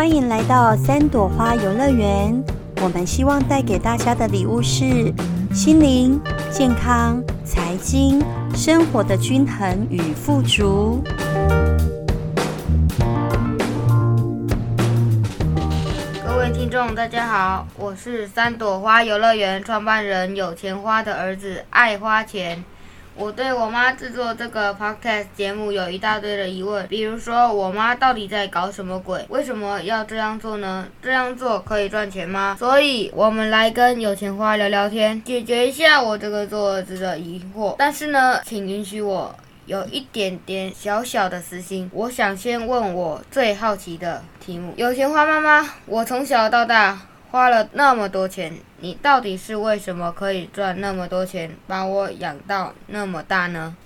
歡迎來到三朵花遊樂園。我們希望帶給大家的禮物是心靈健康、財經生活的均衡與富足。各位聽眾，大家好，我是三朵花遊樂園創辦人，有錢花的兒子，愛花錢。我對我媽製作這個 Podcast 節目有一大堆的疑問，比如說我媽到底在搞什麼鬼？為什麼要這樣做呢？這樣做可以賺錢嗎？所以，我們來跟有錢花聊聊天，解決一下我這個做兒子的疑惑。但是呢，請允許我有一點點小小的私心，我想先問我最好奇的題目：有錢花媽媽，我從小到大，花了那麼多錢，你到底是為什麼可以賺那麼多錢，把我養到那麼大呢？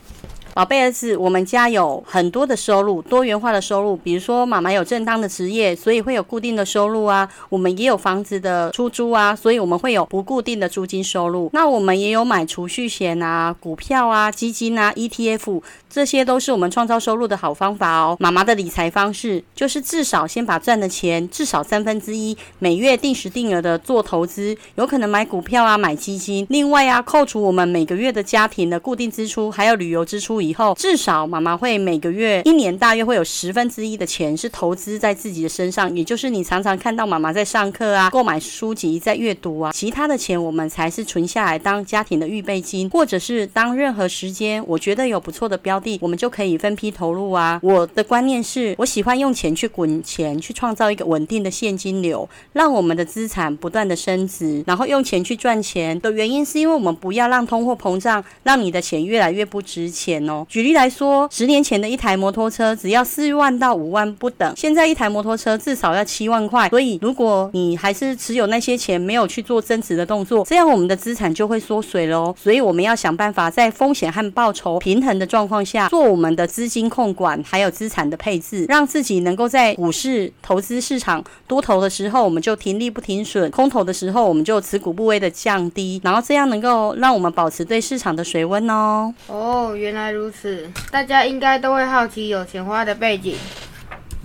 寶貝兒子，我們家有很多的收入，多元化的收入，比如說媽媽有正當的職業，所以會有固定的收入啊。我們也有房子的出租啊，所以我們會有不固定的租金收入。那我們也有買儲蓄險啊、股票啊、基金啊、ETF，這些都是我們創造收入的好方法哦。媽媽的理財方式就是至少先把賺的錢至少三分之一每月定時定額的做投資，有可能買股票啊、買基金。另外啊，扣除我們每個月的家庭的固定支出，還有旅遊支出。以後至少媽媽會每個月、一年大約會有十分之一的錢是投資在自己的身上，也就是你常常看到媽媽在上課啊、購買書籍在閱讀啊。其他的錢我們才是存下來當家庭的預備金，或者是當任何時間我覺得有不錯的標的，我們就可以分批投入啊。我的觀念是，我喜歡用錢去滾錢，去創造一個穩定的現金流，讓我們的資產不斷的升值，然後用錢去賺錢的原因是因為我們不要讓通貨膨脹讓你的錢越來越不值錢哦。舉例來說，十年前的一台摩托車只要四萬到五萬不等，現在一台摩托車至少要七萬塊。所以，如果你還是持有那些錢，沒有去做增值的動作，這樣我們的資產就會縮水咯。所以，我們要想辦法在風險和報酬平衡的狀況下，做我們的資金控管，還有資產的配置，讓自己能夠在股市投資市場多頭的時候，我們就停利不停損；空頭的時候，我們就持股部位的降低，然後這樣能夠讓我們保持對市場的水溫哦。哦，原來如。如此，大家應該都會好奇有錢花的背景。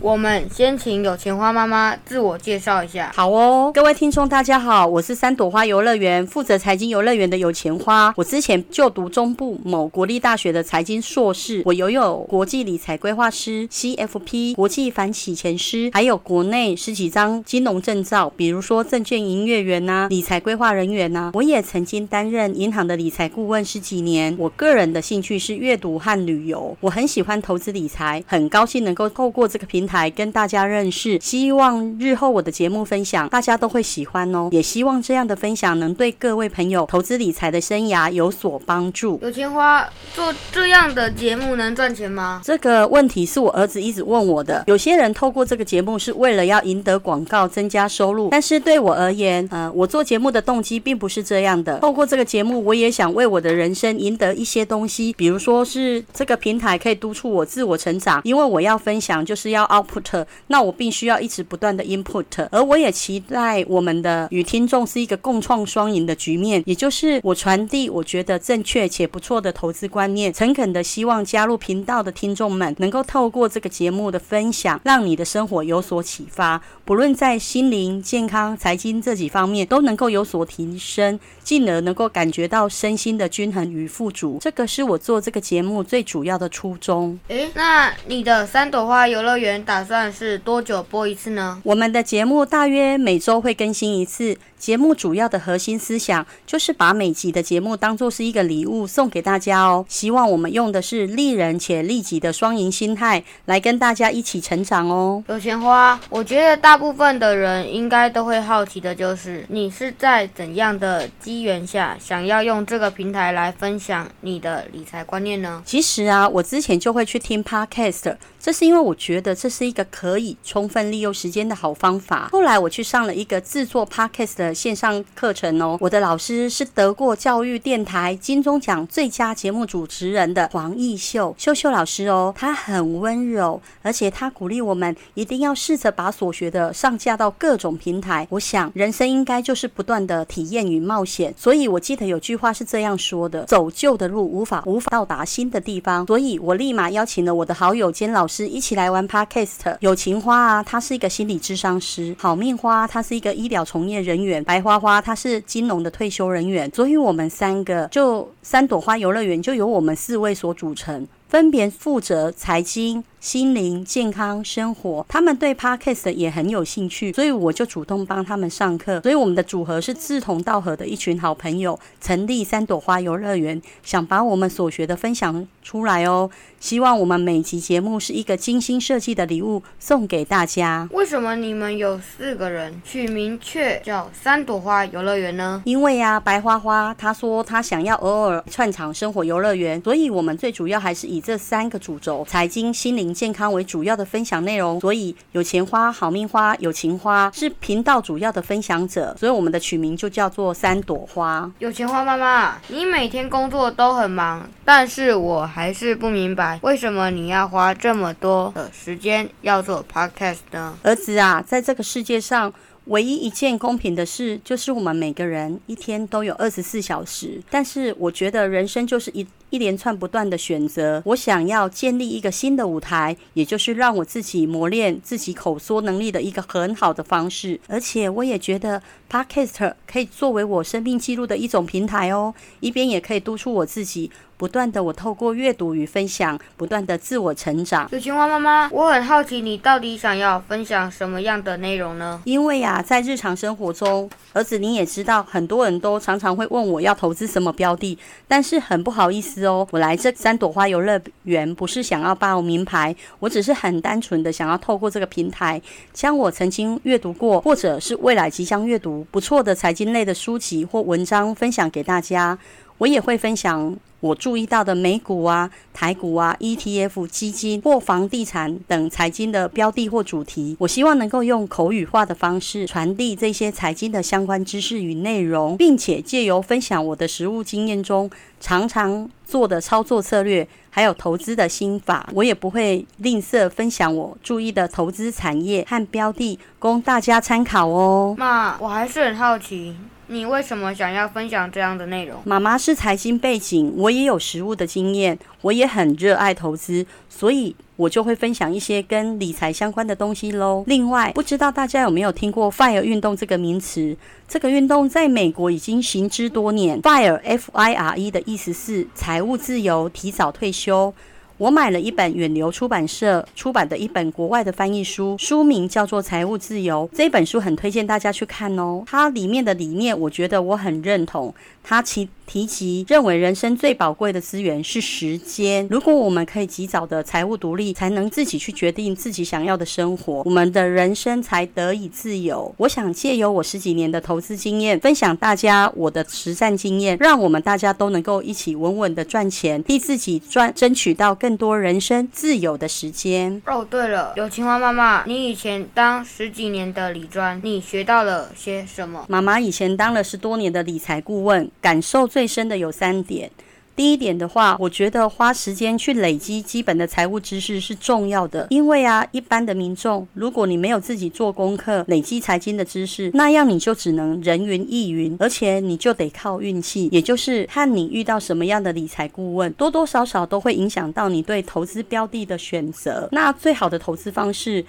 我們先請有錢花媽媽自我介紹一下。好哦，各位聽眾大家好，我是三朵花遊樂園負責財經遊樂園的有錢花。我之前就讀中部某國立大學的財經碩士，我擁有國際理財規劃師 （CFP）、國際反洗錢師，還有國內十幾張金融證照，比如說證券營業員啊、理財規劃人員啊。我也曾經擔任銀行的理財顧問十幾年。我個人的興趣是閱讀和旅遊，我很喜歡投資理財，很高興能夠透過這個平。台跟大家認識，希望日後我的節目分享大家都會喜歡哦，也希望這樣的分享能對各位朋友投資理財的生涯有所幫助。有錢花做這樣的節目能賺錢嗎？這個問題是我兒子一直問我的。有些人透過這個節目是為了要贏得廣告增加收入，但是對我而言，呃，我做節目的動機並不是這樣的。透過這個節目，我也想為我的人生贏得一些東西，比如說是這個平台可以督促我自我成長，因為我要分享就是要。put 那我必須要一直不斷的 input，而我也期待我們的與聽眾是一個共創雙贏的局面，也就是我傳遞我覺得正確且不錯的投資觀念，誠懇的希望加入頻道的聽眾們能夠透過這個節目的分享，讓你的生活有所啟發，不論在心靈、健康、財經這幾方面都能夠有所提升，進而能夠感覺到身心的均衡與富足，這個是我做這個節目最主要的初衷。誒，那你的三朵花遊樂園。打算是多久播一次呢？我們的節目大約每週會更新一次。節目主要的核心思想就是把每集的節目當作是一個禮物送給大家哦。希望我們用的是利人且利己的雙贏心態，來跟大家一起成長哦。有錢花，我覺得大部分的人應該都會好奇的就是，你是在怎樣的機緣下想要用這個平台來分享你的理財觀念呢？其實啊，我之前就會去聽 Podcast，這是因為我覺得這是。是一個可以充分利用時間的好方法。後來我去上了一個制作 Podcast 的線上課程哦，我的老師是得過教育電台金鐘獎最佳節目主持人的黃奕秀秀秀老師哦，他很溫柔，而且他鼓勵我們一定要試着把所學的上架到各種平台。我想人生應該就是不斷的體驗與冒險，所以我記得有句話是這樣說的：走舊的路，無法無法到達新的地方。所以我立馬邀請了我的好友兼老師一起來玩 Podcast。友情啊，他是一個心理諮商師；好命花啊，他是一個醫療從業人員；白花花，他是金融的退休人員。所以，我們三個就三朵花遊樂園，就由我們四位所組成，分別負責財經、心靈、健康、生活。他們對 Podcast 也很有興趣，所以我就主動幫他們上課。所以，我們的組合是志同道合的一群好朋友，成立三朵花遊樂園，想把我們所學的分享出來哦。希望我們每集節目是一個精心設計的禮物送給大家。為什麼你們有四個人取名卻叫三朵花遊樂園呢？因為啊，白花花她說她想要偶爾串場生活遊樂園，所以我們最主要還是以這三個主軸——財經、心靈、健康為主要的分享內容。所以有錢花、好命花、有情花是頻道主要的分享者，所以我們的取名就叫做三朵花。有錢花媽媽，你每天工作都很忙，但是我還是不明白。為什麼你要花這麼多的時間要做 Podcast 呢？兒子啊，在這個世界上，唯一一件公平的事就是我們每個人一天都有二十四小時。但是，我覺得人生就是一一連串不斷的選擇。我想要建立一個新的舞台，也就是讓我自己磨練自己口說能力的一個很好的方式。而且，我也覺得 Podcast 可以作為我生命記錄的一種平台哦，一邊也可以督促我自己。不斷的，我透過閱讀與分享，不斷的自我成長。有錢花媽媽，我很好奇，你到底想要分享什麼樣的內容呢？因為呀、啊，在日常生活中，兒子你也知道，很多人都常常會問我要投資什麼標的，但是很不好意思哦，我來這三朵花遊樂園不是想要報明牌，我只是很單純的想要透過這個平台，將我曾經閱讀過或者是未來即將閱讀不錯的財經類的書籍或文章分享給大家。我也會分享我注意到的美股啊、台股啊、ETF 基金或房地產等財經的標的或主題。我希望能夠用口語化的方式傳遞這些財經的相關知識與內容，並且借由分享我的實務經驗中常常做的操作策略，還有投資的心法。我也不會吝嗇分享我注意的投資產業和標的，供大家參考哦。媽，我還是很好奇。你為什麼想要分享這樣的內容？媽媽是財經背景，我也有實務的經驗，我也很熱愛投資，所以我就會分享一些跟理財相關的東西嘍。另外，不知道大家有沒有聽過 FIRE 運動這個名詞？這個運動在美國已經行之多年。FIRE F I R E 的意思是財務自由，提早退休。我買了一本遠流出版社出版的一本國外的翻譯書，書名叫做《財務自由》。這本書很推薦大家去看哦，它裡面的理念我覺得我很認同，它其，提及認為人生最寶貴的資源是時間。如果我們可以及早的財務獨立，才能自己去決定自己想要的生活，我們的人生才得以自由。我想借由我十幾年的投資經驗，分享大家我的實戰經驗，讓我們大家都能夠一起穩穩的賺錢，替自己賺爭取到更多人生自由的時間。哦，對了，有錢花媽媽，你以前當十幾年的理專，你學到了些什麼？媽媽以前當了十多年的理財顧問，感受最。最深的有三點。第一點的話，我覺得花時間去累積基本的財務知識是重要的，因為啊，一般的民眾，如果你沒有自己做功課、累積財經的知識，那樣你就只能人云亦云，而且你就得靠運氣，也就是看你遇到什麼樣的理財顧問，多多少少都會影響到你對投資標的的選擇。那最好的投資方式。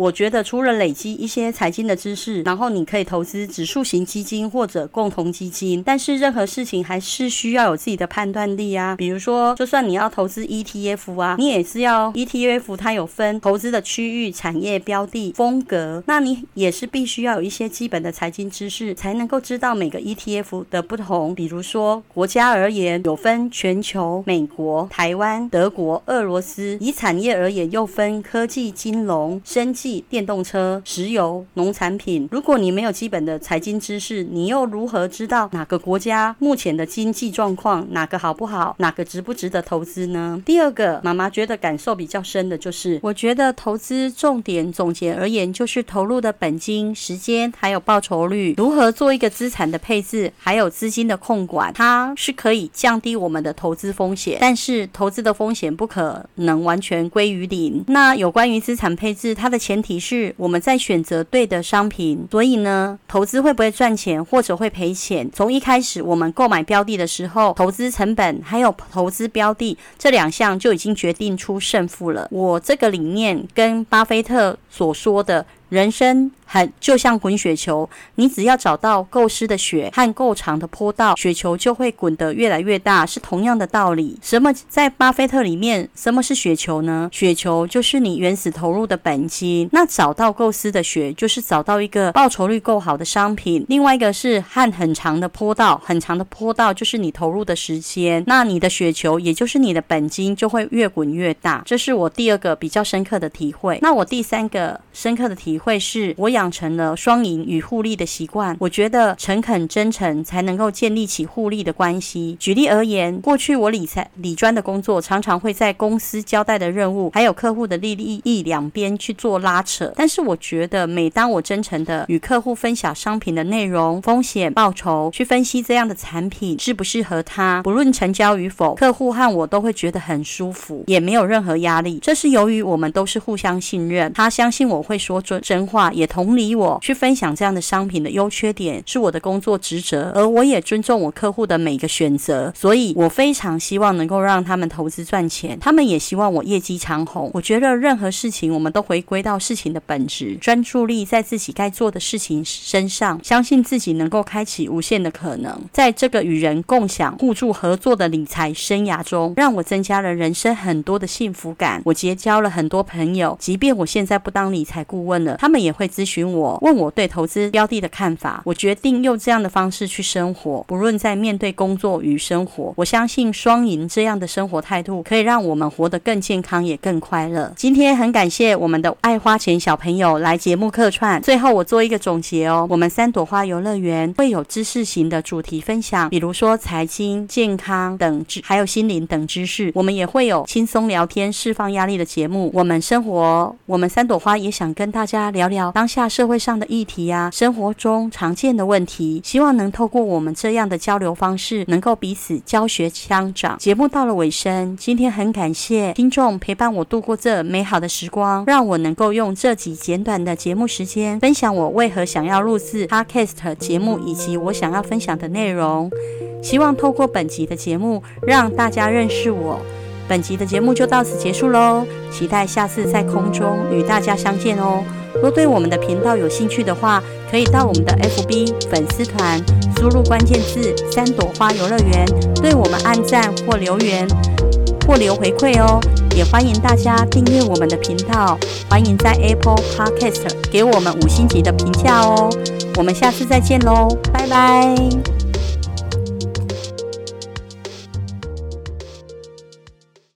我覺得除了累積一些財經的知識，然後你可以投資指數型基金或者共同基金，但是任何事情還是需要有自己的判斷力啊。比如說，就算你要投資 ETF 啊，你也是要 ETF，它有分投資的區域、產業、標的、風格，那你也是必須要有一些基本的財經知識，才能夠知道每個 ETF 的不同。比如說，國家而言有分全球、美國、台灣、德國、俄羅斯；以產業而言又分科技、金融、生技。電動車、石油、農產品。如果你沒有基本的財經知識，你又如何知道哪個國家目前的經濟狀況，哪個好不好，哪個值不值得投資呢？第二個，媽媽覺得感受比較深的就是，我覺得投資重點總結而言就是投入的本金、時間，還有報酬率。如何做一個資產的配置，還有資金的控管，它是可以降低我們的投資風險。但是投資的風險不可能完全歸於零。那有關於資產配置，它的前問題是我們在選擇對的商品，所以呢，投資會不會賺錢或者會賠錢？從一開始我們購買標的的時候，投資成本還有投資標的這兩項就已經決定出勝負了。我這個理念跟巴菲特所說的人生很就像滾雪球，你只要找到夠濕的雪和夠長的坡道，雪球就會滾得越來越大，是同樣的道理。什麼在巴菲特裡面？什麼是雪球呢？雪球就是你原始投入的本金。那找到夠濕的雪，就是找到一個報酬率夠好的商品。另外一個是和很長的坡道，很長的坡道就是你投入的時間。那你的雪球，也就是你的本金，就會越滾越大。這是我第二個比較深刻的體會。那我第三個深刻的體會會是我養成了雙贏與互利的習慣。我覺得誠懇真誠才能夠建立起互利的關係。舉例而言，過去我理財理專的工作常常會在公司交代的任務，還有客戶的利益兩邊去做拉扯。但是我覺得每當我真誠的與客戶分享商品的內容、風險、報酬，去分析這樣的產品適不適合他，不論成交與否，客戶和我都會覺得很舒服，也沒有任何壓力。這是由於我們都是互相信任，他相信我會說準。深話也同理我，我去分享這樣的商品的優缺點是我的工作職責，而我也尊重我客戶的每個選擇，所以，我非常希望能夠讓他們投資賺錢，他們也希望我業績長紅。我覺得任何事情，我們都回歸到事情的本質，專注力在自己該做的事情身上，相信自己能夠開啟無限的可能。在這個與人共享、互助、合作的理財生涯中，讓我增加了人生很多的幸福感，我結交了很多朋友，即便我現在不當理財顧問了。他們也會諮詢我，問我對投資標的的看法。我決定用這樣的方式去生活，不論在面對工作與生活，我相信雙贏這樣的生活態度可以讓我們活得更健康，也更快樂。今天很感謝我們的愛花錢小朋友來節目客串。最後我做一個總結哦，我們三朵花遊樂園會有知識型的主題分享，比如說財經、健康等，還有心靈等知識。我們也會有輕鬆聊天、釋放壓力的節目。我們生活哦，我們三朵花也想跟大家。大家聊聊當下社會上的議題呀、啊，生活中常見的問題，希望能透過我們這樣的交流方式，能夠彼此教學相長。節目到了尾聲，今天很感謝聽眾陪伴我度過這美好的時光，讓我能夠用這集簡短的節目時間，分享我為何想要錄制 Podcast 節目以及我想要分享的內容。希望透過本集的節目，讓大家認識我。本集的節目就到此結束嘍，期待下次在空中與大家相見哦。若對我們的頻道有興趣的話，可以到我們的 FB 粉絲團輸入關鍵字“三朵花遊樂園”，對我們按讚或留言或留回饋哦。也歡迎大家訂閱我們的頻道，歡迎在 Apple Podcast 給我們五星級的評價哦。我們下次再見嘍，拜拜。